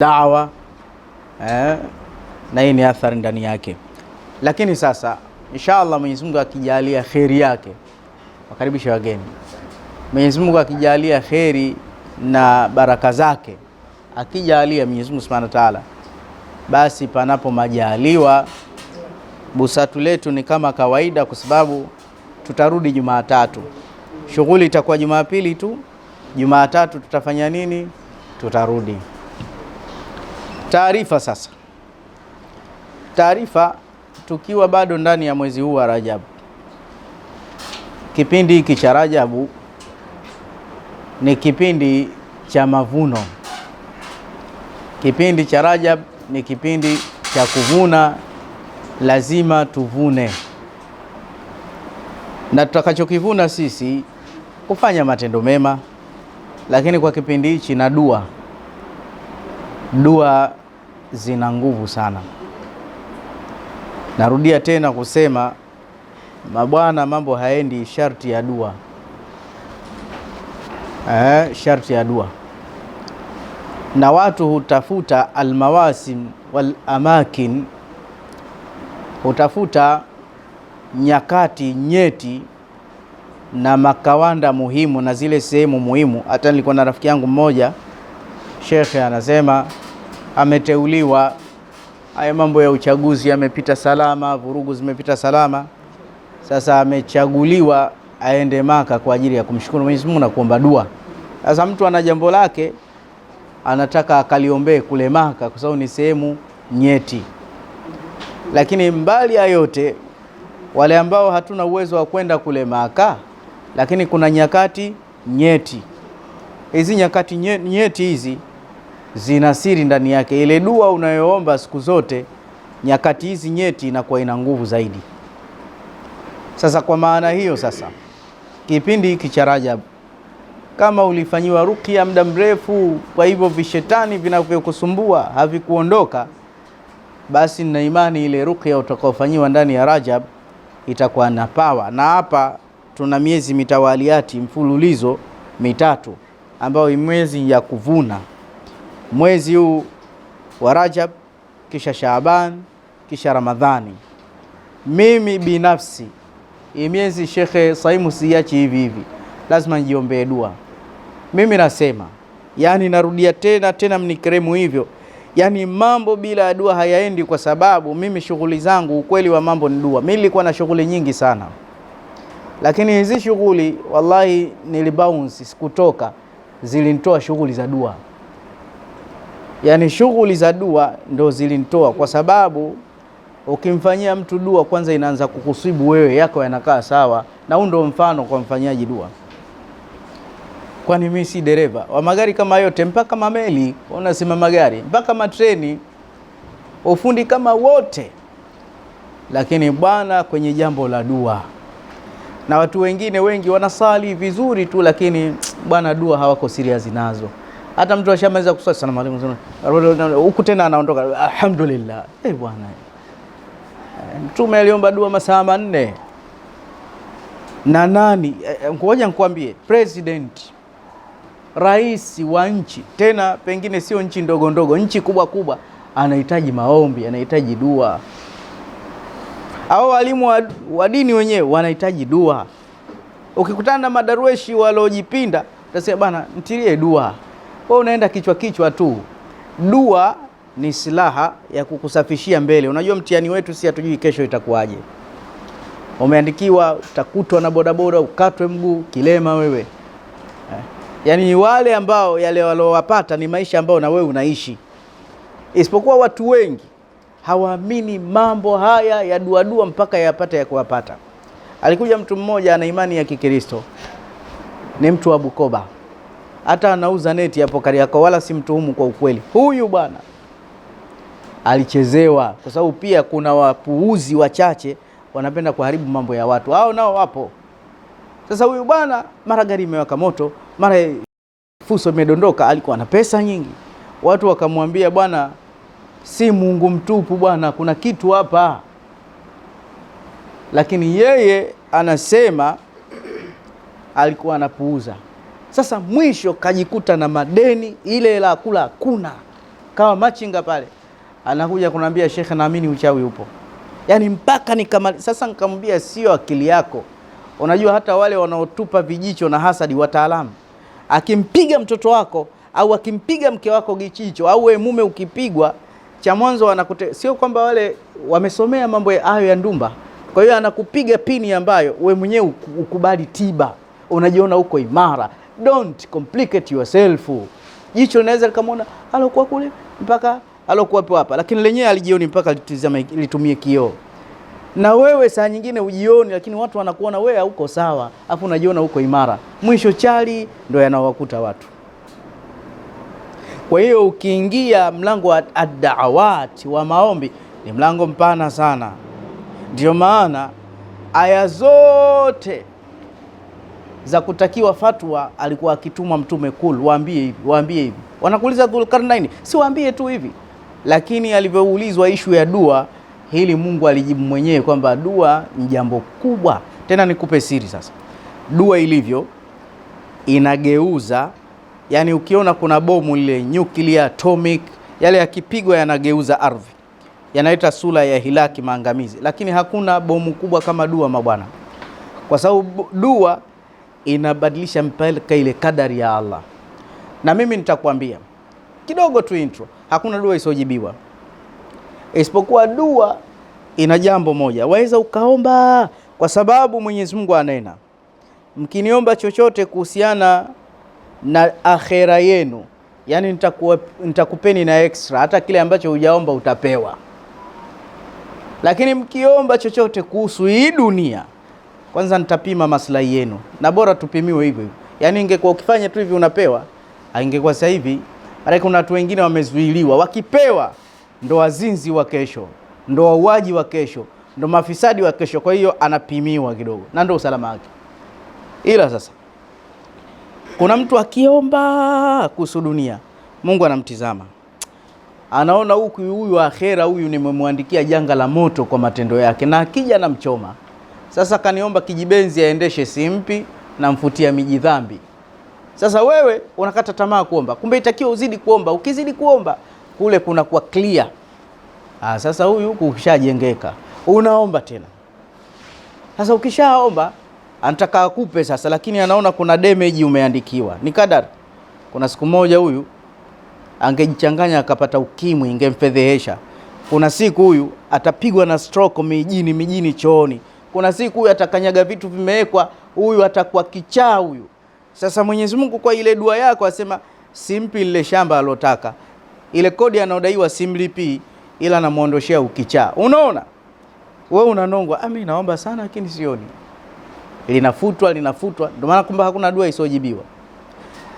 dawa eh, na hii ni athari ndani yake. Lakini sasa insha Allah Mwenyezi Mungu akijalia kheri yake, wakaribisha wageni. Mwenyezi Mungu akijalia kheri na baraka zake, akijalia Mwenyezi Mungu Subhanahu wa Ta'ala, basi panapo majaliwa busatu letu ni kama kawaida, kwa sababu tutarudi Jumatatu, shughuli itakuwa Jumapili tu. Jumatatu tutafanya nini? Tutarudi. Taarifa sasa, taarifa tukiwa bado ndani ya mwezi huu wa Rajabu, kipindi hiki cha Rajabu ni kipindi cha mavuno. Kipindi cha Rajab ni kipindi cha kuvuna, lazima tuvune, na tutakachokivuna sisi kufanya matendo mema, lakini kwa kipindi hichi na dua Dua zina nguvu sana. Narudia tena kusema, mabwana, mambo haendi sharti ya dua eh, sharti ya dua. Na watu hutafuta almawasim wal amakin, hutafuta nyakati nyeti na makawanda muhimu na zile sehemu muhimu. Hata nilikuwa na rafiki yangu mmoja Shekhe anasema ameteuliwa. Haya mambo ya uchaguzi yamepita salama, vurugu zimepita salama. Sasa amechaguliwa aende Maka kwa ajili ya kumshukuru Mwenyezi Mungu na kuomba dua. Sasa mtu ana jambo lake anataka akaliombee kule Maka kwa sababu ni sehemu nyeti. Lakini mbali ya yote, wale ambao hatuna uwezo wa kwenda kule Maka, lakini kuna nyakati nyeti. Hizi nyakati nyeti hizi zina siri ndani yake. Ile dua unayoomba siku zote nyakati hizi nyeti inakuwa ina nguvu zaidi. Sasa kwa maana hiyo, sasa kipindi hiki cha Rajab kama ulifanyiwa rukia muda mrefu, kwa hivyo vishetani vinavyokusumbua havikuondoka, basi nina imani ile rukia utakaofanyiwa ndani ya Rajab itakuwa na pawa. Na hapa tuna miezi mitawaliati mfululizo mitatu ambayo imwezi ya kuvuna mwezi huu wa Rajab, kisha Shaaban, kisha Ramadhani. Mimi binafsi hii miezi shekhe, saimu siachi hivi hivi, lazima nijiombee dua. Mimi nasema yani, narudia tena tena, mnikremu hivyo yani mambo bila ya dua hayaendi, kwa sababu mimi shughuli zangu, ukweli wa mambo ni dua. Mimi nilikuwa na shughuli nyingi sana, lakini hizi shughuli wallahi nilibounce, sikutoka, zilinitoa shughuli za dua yani shughuli za dua ndo zilinitoa, kwa sababu ukimfanyia mtu dua kwanza inaanza kukusibu wewe, yako yanakaa sawa. Na huu ndo mfano kwa mfanyaji dua, kwani mimi si dereva wa magari kama yote, mpaka mameli unasema magari, mpaka matreni, ufundi kama wote, lakini bwana kwenye jambo la dua na watu wengine wengi wanasali vizuri tu, lakini bwana dua hawako serious nazo hata mtu ashamaliza kuswali, salamu alaykum, huku tena anaondoka, alhamdulillah. Eh bwana, eh, Mtume aliomba dua masaa manne na nani? Eh, eh, ngoja nikwambie, president rais wa nchi, tena pengine sio nchi ndogo ndogo, nchi kubwa kubwa, anahitaji maombi, anahitaji dua. Au walimu wa dini wenyewe wanahitaji dua. Ukikutana na madarueshi waliojipinda, utasema bana, ntilie dua wewe unaenda kichwa kichwa tu. Dua ni silaha ya kukusafishia mbele. Unajua mtihani wetu si hatujui kesho itakuwaje. Umeandikiwa utakutwa na bodaboda, ukatwe mguu, kilema wewe eh. Yaani wale ambao yale walowapata ni maisha ambayo na wewe unaishi, isipokuwa watu wengi hawaamini mambo haya ya duadua mpaka yapate ya kuwapata. Alikuja mtu mmoja ana imani ya Kikristo, ni mtu wa Bukoba hata anauza neti hapo Kariakoo, wala simtuhumu kwa ukweli. Huyu bwana alichezewa, kwa sababu pia kuna wapuuzi wachache wanapenda kuharibu mambo ya watu, hao nao wapo. Sasa huyu bwana mara gari imewaka moto, mara fuso imedondoka, alikuwa na pesa nyingi, watu wakamwambia bwana, si Mungu mtupu bwana, kuna kitu hapa. Lakini yeye anasema alikuwa anapuuza. Sasa mwisho kajikuta na madeni, ile la kula hakuna, kama machinga pale. Anakuja kunambia shekhe, naamini uchawi upo, yaani mpaka nikamali. Sasa nikamwambia sio akili yako. Unajua hata wale wanaotupa vijicho na hasadi wataalamu, akimpiga mtoto wako au akimpiga mke wako kijicho au wewe mume ukipigwa cha mwanzo wanakute, sio kwamba wale wamesomea mambo ya ayo ya ndumba. Kwa hiyo anakupiga pini ambayo we mwenyewe ukubali tiba, unajiona uko imara don't complicate yourself. Jicho linaweza likamwona alokuwa kule mpaka alokuwapo hapa, lakini lenyewe alijioni mpaka litizame, litumie kioo. Na wewe saa nyingine ujioni, lakini watu wanakuona wewe hauko sawa, afu unajiona uko imara. Mwisho chali ndo yanawakuta watu. Kwa hiyo ukiingia mlango wa adawati wa maombi ni mlango mpana sana, ndio maana aya zote za kutakiwa fatwa alikuwa akitumwa Mtume kul, waambie hivi, waambie hivi. Wanakuuliza Dhulkarnaini, si waambie tu hivi. Lakini alivyoulizwa ishu ya dua, hili Mungu alijibu mwenyewe kwamba dua ni jambo kubwa. Tena nikupe siri sasa, dua ilivyo inageuza yani, ukiona kuna bomu lile nuclear atomic, yale yakipigwa yanageuza ardhi, yanaita sura ya hilaki, maangamizi. Lakini hakuna bomu kubwa kama dua mabwana, kwa sababu dua inabadilisha mpaka ile kadari ya Allah. Na mimi nitakwambia kidogo tu intro, hakuna dua isiojibiwa, isipokuwa dua ina jambo moja, waweza ukaomba, kwa sababu Mwenyezi Mungu anena, mkiniomba chochote kuhusiana na akhera yenu, yani nitakuwa nitakupeni na extra, hata kile ambacho hujaomba utapewa. Lakini mkiomba chochote kuhusu hii dunia kwanza nitapima maslahi yenu, na bora tupimiwe hivyo hivyo. Yaani ingekuwa ukifanya tu hivi unapewa, ingekuwa sasa hivi. Maana kuna watu wengine wamezuiliwa, wakipewa ndo wazinzi wa kesho, ndo wauaji wa kesho, ndo mafisadi wa kesho. Kwa hiyo anapimiwa kidogo, na ndo usalama wake. Ila sasa kuna mtu akiomba kuhusu dunia, Mungu anamtizama anaona huku huyu akhera, huyu nimemwandikia janga la moto kwa matendo yake, na akija anamchoma sasa kaniomba kijibenzi aendeshe simpi na mfutia miji dhambi. Sasa wewe unakata tamaa kuomba, kumbe itakiwa uzidi kuomba. Ukizidi kuomba kule kuna kuwa clear. Ah, sasa huyu huku ukishajengeka unaomba tena. Sasa ukishaomba anataka akupe sasa, lakini anaona kuna damage umeandikiwa ni kadar. Kuna siku moja huyu angejichanganya akapata ukimwi, ingemfedhehesha. Kuna siku huyu atapigwa na stroke mijini mijini chooni. Kuna siku huyu atakanyaga vitu vimewekwa, huyu atakuwa kichaa huyu. Sasa Mwenyezi Mungu kwa ile dua yako asema simpi lile shamba alotaka, ile kodi anaodaiwa simlipi, ila namuondoshea ukichaa. Unaona wewe unanongwa, ah, mimi naomba sana lakini sioni, linafutwa linafutwa. Ndio maana kumbe hakuna dua isojibiwa.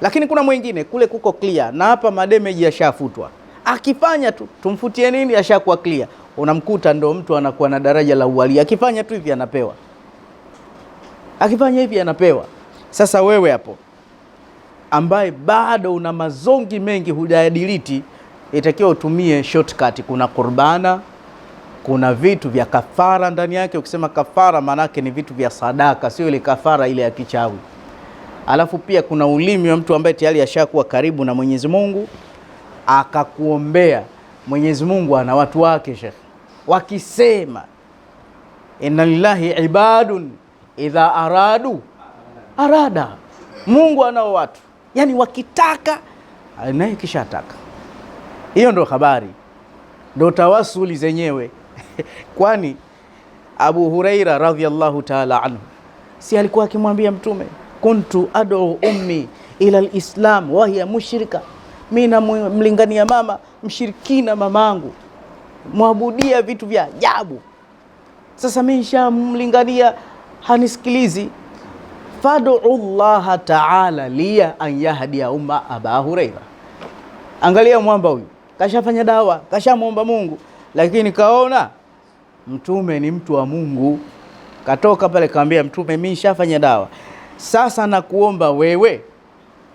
Lakini kuna mwingine kule kuko clear, na hapa mademeji yashafutwa, akifanya tu tumfutie nini, ashakuwa clear unamkuta ndo mtu anakuwa na daraja la uwali, akifanya tu hivi anapewa, akifanya hivi anapewa. Sasa wewe hapo ambaye bado una mazongi mengi hujayadiliti, itakiwa utumie shortcut. Kuna kurbana, kuna vitu vya kafara ndani yake. Ukisema kafara, maanake ni vitu vya sadaka, sio ile kafara ile ya kichawi. Alafu pia kuna ulimi wa mtu ambaye tayari ashakuwa karibu na Mwenyezi Mungu akakuombea. Mwenyezi Mungu ana watu wake, Sheikh wakisema inna lillahi ibadun idha aradu arada, Mungu anao watu, yani wakitaka naye kishataka. Hiyo ndo habari, ndo tawasuli zenyewe kwani Abu Huraira radhiallahu taala anhu si alikuwa akimwambia Mtume, kuntu adu ummi ila lislam wahiya mushrika, mi namlingania mama mshirikina mamangu mwabudia vitu vya ajabu. Sasa mimi nishamlingania hanisikilizi, fad'u llaha ta'ala liya an yahdia umma aba Huraira. Angalia mwamba huyu kashafanya dawa, kashamwomba Mungu, lakini kaona mtume ni mtu wa Mungu, katoka pale kaambia mtume, mimi nishafanya dawa, sasa nakuomba wewe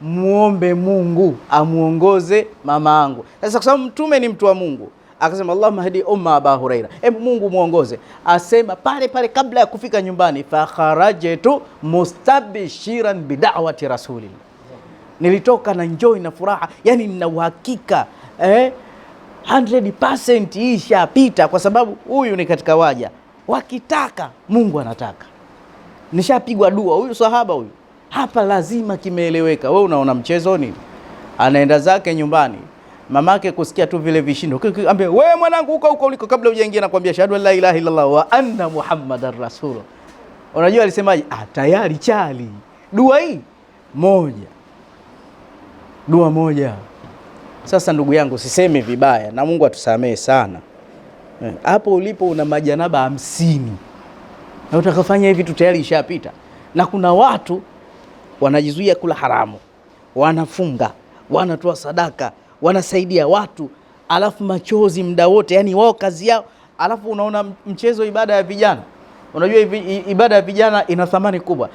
muombe Mungu amuongoze mama angu Sasa kwa sababu mtume ni mtu wa Mungu akasema Allahumma hadi umma Aba Huraira, hebu Mungu muongoze. Asema pale pale kabla ya kufika nyumbani, fakharajtu mustabshiran bidawati rasulillah, nilitoka na njoi na furaha, yani nina uhakika eh, 100% ishapita, kwa sababu huyu ni katika waja wakitaka Mungu anataka, nishapigwa dua huyu sahaba huyu hapa, lazima kimeeleweka. We unaona mchezo nini? Anaenda zake nyumbani mamake kusikia tu vile vishindo, ambie we mwanangu, huko huko uliko, kabla hujaingia nakwambia shahadu la ilaha illallah wa anna muhammadar rasul. Unajua alisemaje? Ah, tayari chali dua hii moja, dua moja. Sasa ndugu yangu, siseme vibaya na Mungu atusamehe sana. Eh, hapo ulipo una majanaba hamsini na utakafanya hivi tu tayari ishapita, na kuna watu wanajizuia kula haramu, wanafunga, wanatoa sadaka wanasaidia watu, alafu machozi mda wote, yani wao kazi yao. Alafu unaona mchezo ibada ya vijana, unajua ibada ya vijana ina thamani kubwa.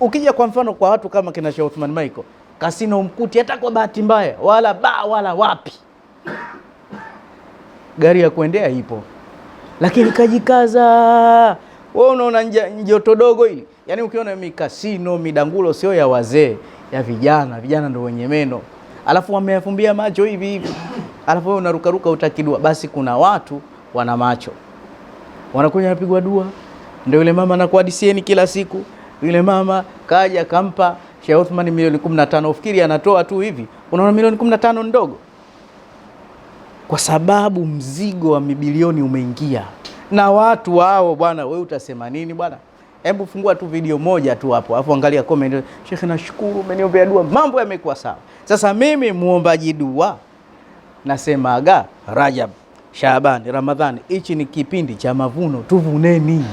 Ukija kwa mfano kwa watu kama kina Sheikh Uthman Michael kasino mkuti hata kwa bahati mbaya, wala ba wala wapi, gari ya kuendea ipo, lakini kajikaza. Wewe unaona njoto dogo hili, yaani ukiona mikasino midangulo sio ya wazee, ya vijana. Vijana ndio wenye meno alafu wameyafumbia macho hivi hivi, alafu wewe unarukaruka utakidua. Basi kuna watu wana macho wanakuja wanapigwa dua, ndio yule mama anakuwa disieni kila siku. Yule mama kaja kampa Sheikh Uthman milioni 15, ufikiri anatoa tu hivi? Unaona milioni 15 ndogo, kwa sababu mzigo wa mibilioni umeingia na watu wao. Bwana wewe utasema nini bwana? Hebu fungua tu video moja tu hapo, afu angalia comment. Sheikh, nashukuru umeniombea dua, mambo yamekuwa sawa. Sasa mimi muombaji dua nasemaga Rajab, Shabani, Ramadhani, hichi ni kipindi cha mavuno, tuvuneni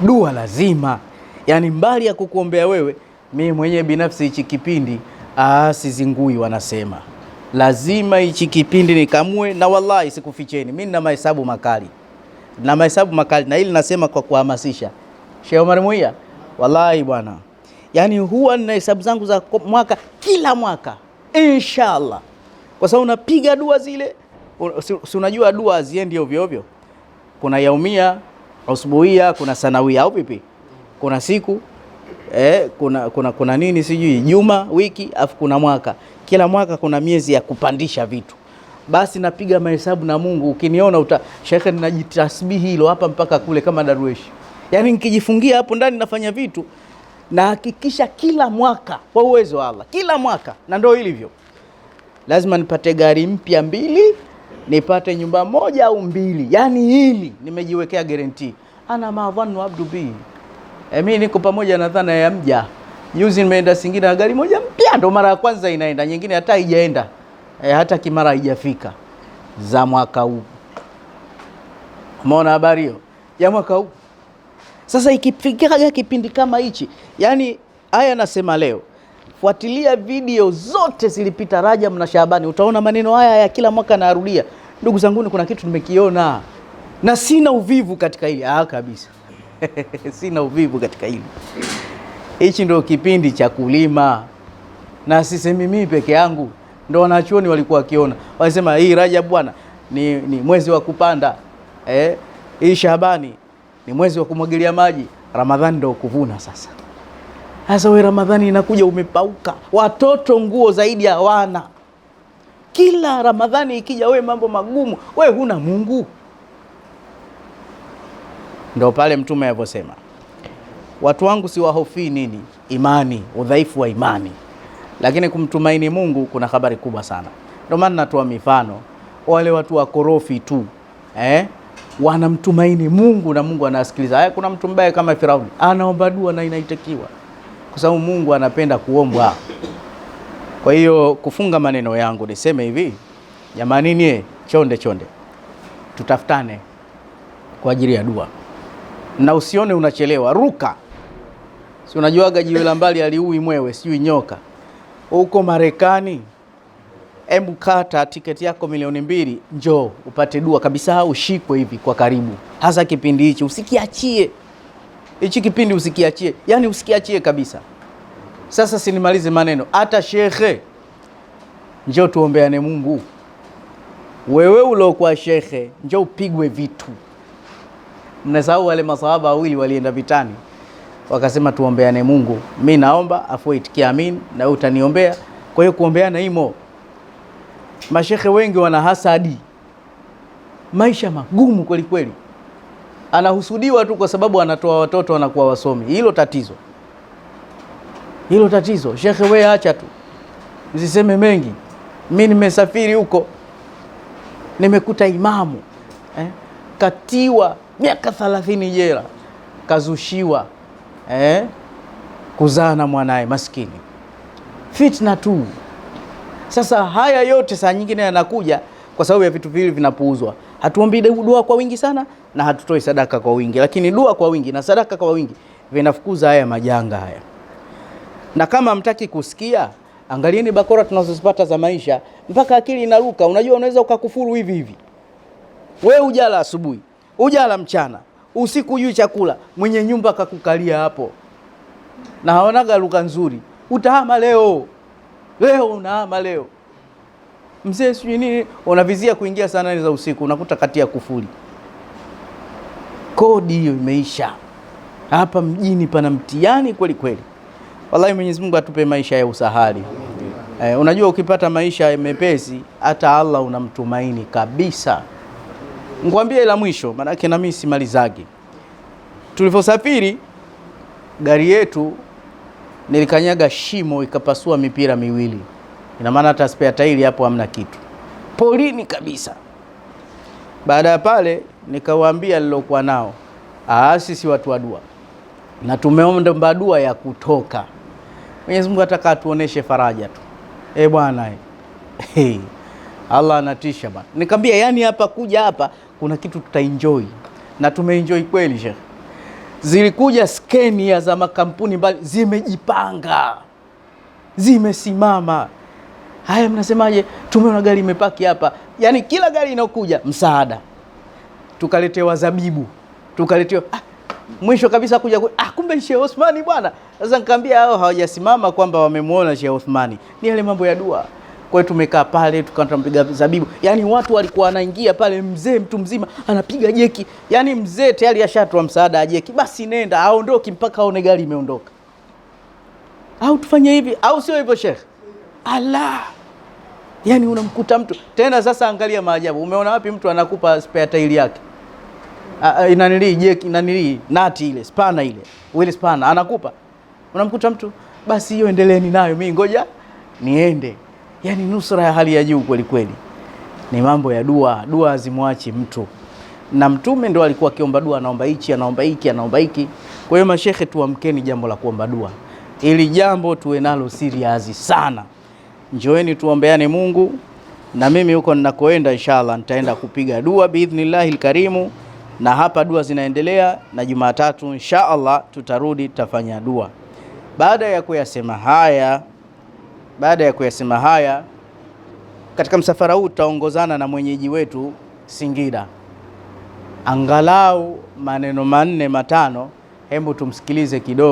dua lazima. Yaani mbali ya kukuombea wewe, mimi mwenyewe binafsi hichi kipindi ah, sizingui, wanasema lazima hichi kipindi nikamue, na wallahi sikuficheni, mimi nina mahesabu makali na mahesabu makali, na hili nasema kwa kuhamasisha Sheikh Omar Muia, wallahi bwana yani huwa na hesabu zangu za mwaka kila mwaka inshallah, kwa sababu unapiga dua zile. Si unajua dua haziendi ovyo ovyo, kuna yaumia, usbuia, kuna sanawia au vipi? Kuna siku eh, kuna, kuna, kuna nini sijui juma, wiki, afu kuna mwaka. Kila mwaka kuna miezi ya kupandisha vitu. Basi napiga mahesabu na Mungu, ukiniona uta shekhe, ninajitasbihi hilo hapa mpaka kule kama darweshi, yaani nikijifungia hapo ndani nafanya vitu na hakikisha kila mwaka kwa uwezo wa Allah, kila mwaka, na ndio ilivyo, lazima nipate gari mpya mbili, nipate nyumba moja au mbili. yani hili nimejiwekea guarantee. Ana maadhanu abdu bi eh, mimi niko pamoja na dhana ya mja. Juzi nimeenda Singida na gari moja mpya, ndo mara ya kwanza inaenda, nyingine hata haijaenda e, hata kimara haijafika za mwaka huu. Umeona habari hiyo ya mwaka huu. Sasa ikifikaga kipindi kama hichi, yani haya nasema leo, fuatilia video zote zilipita Rajab na Shabani, utaona maneno haya ya kila mwaka narudia. Ndugu zanguni, kuna kitu nimekiona na sina uvivu katika hili ah, kabisa sina uvivu katika hili. Hichi ndio kipindi cha kulima, na sisemi mimi peke yangu, ndio wanachuoni walikuwa wakiona, wanasema hii Rajab bwana ni, ni mwezi wa kupanda eh, hii Shabani ni mwezi wa kumwagilia maji, Ramadhani ndio kuvuna sasa. Sasa we Ramadhani inakuja umepauka, watoto nguo zaidi hawana. Kila Ramadhani ikija, we mambo magumu, we huna Mungu. Ndo pale Mtume alivyosema, watu wangu siwahofii nini? Imani, udhaifu wa imani, lakini kumtumaini Mungu kuna habari kubwa sana. Ndio maana natoa mifano wale watu wakorofi tu eh? wanamtumaini Mungu na Mungu anasikiliza. Haya, kuna mtu mbaya kama Firauni anaomba dua na inaitikiwa kwa sababu Mungu anapenda kuombwa. Kwa hiyo kufunga maneno yangu niseme hivi, jamani, nie chonde chonde, tutafutane kwa ajili ya dua na usione unachelewa, ruka. Si unajuaga jiwe la mbali aliui mwewe, sijui nyoka. huko Marekani hebu kata tiketi yako milioni mbili, njoo upate dua kabisa, ushikwe hivi kwa karibu, hasa kipindi hichi. Usikiachie hichi kipindi, usikiachie yani, usikiachie kabisa. Sasa sinimalize maneno, hata shekhe, njoo tuombeane Mungu. Wewe uliokuwa shekhe, njoo upigwe vitu. Mnasahau wale masahaba wawili walienda vitani, wakasema tuombeane Mungu, mi naomba afu itikia amin, na wewe utaniombea. Kwa hiyo kuombeana imo Mashekhe wengi wana hasadi, maisha magumu kweli kweli, anahusudiwa tu kwa sababu anatoa watoto anakuwa wasomi. Hilo tatizo, hilo tatizo. Shekhe we, acha tu, msiseme mengi. Mi nimesafiri huko, nimekuta imamu eh, katiwa miaka thalathini jela, kazushiwa eh, kuzaa na mwanaye maskini, fitna tu. Sasa haya yote saa nyingine yanakuja kwa sababu ya vitu vile vinapuuzwa. Hatuombi dua kwa wingi sana na hatutoi sadaka kwa wingi, lakini dua kwa wingi na sadaka kwa wingi vinafukuza haya majanga haya. Na kama mtaki kusikia, angalieni bakora tunazozipata za maisha mpaka akili inaruka. Unajua, unaweza ukakufuru hivi hivi, we ujala asubuhi, ujala mchana, usiku juu chakula, mwenye nyumba akakukalia hapo na haonaga lugha nzuri, utahama leo leo unaama leo mzee sijui nini, unavizia kuingia saa nane za usiku unakuta ya kufuli. Kodi hiyo imeisha. Hapa mjini pana mtihani kweli kweli. Wallahi, Mwenyezi Mungu atupe maisha ya usahali. Eh, unajua ukipata maisha mepesi hata Allah unamtumaini kabisa. Ngwambie la mwisho, maanake nami simalizagi. Tulivyosafiri gari yetu nilikanyaga shimo ikapasua mipira miwili. Ina maana hata spare tairi hapo hamna kitu, polini kabisa. Baada ya pale, nikawaambia nilokuwa nao, ah, sisi watu wa dua na tumeomba dua ya kutoka. Mwenyezi Mungu ataka atuoneshe faraja tu, E bwana, eh. hey. Allah anatisha bwana. Nikamwambia yani, hapa kuja hapa kuna kitu tutaenjoy, na tumeenjoy kweli shekhe zilikuja skenia za makampuni mbali, zimejipanga zimesimama. Haya, mnasemaje? Tumeona gari imepaki hapa, yaani kila gari inaokuja msaada, tukaletewa zabibu, tukaletewa ah, mwisho kabisa kuja ah, kumbe Sheikh Othmani bwana. Sasa nikamwambia hao hawajasimama kwamba wamemwona Sheikh Othmani, ni yale mambo ya dua kwa hiyo tumekaa pale tukawa tunampiga zabibu, yani watu walikuwa wanaingia pale, mzee mtu mzima anapiga jeki, yani mzee tayari ashatoa msaada ajeki, basi nenda aondoki mpaka aone gari imeondoka, au tufanye hivi au sio hivyo, Sheikh Allah. yani unamkuta mtu tena. Sasa angalia maajabu, umeona wapi mtu anakupa spare tire yake inanili jeki inanili nati ile spana ile wheel spana anakupa, unamkuta mtu basi, hiyo endeleeni nayo, mimi ngoja niende yani nusra ya hali ya juu kweli kweli. Ni mambo ya dua, dua hazimwachi mtu, na Mtume ndo alikuwa akiomba dua, anaomba hichi, anaomba hiki, anaomba hiki. Kwa hiyo mashehe, tuamkeni jambo la kuomba dua, ili jambo tuwe nalo serious sana. Njoeni tuombeane Mungu, na mimi huko ninakoenda inshallah nitaenda kupiga dua biidhnillahi lkarimu, na hapa dua zinaendelea, na Jumatatu inshallah tutarudi tutafanya dua. Baada ya kuyasema haya baada ya kuyasema haya, katika msafara huu tutaongozana na mwenyeji wetu Singida, angalau maneno manne matano. Hebu tumsikilize kidogo.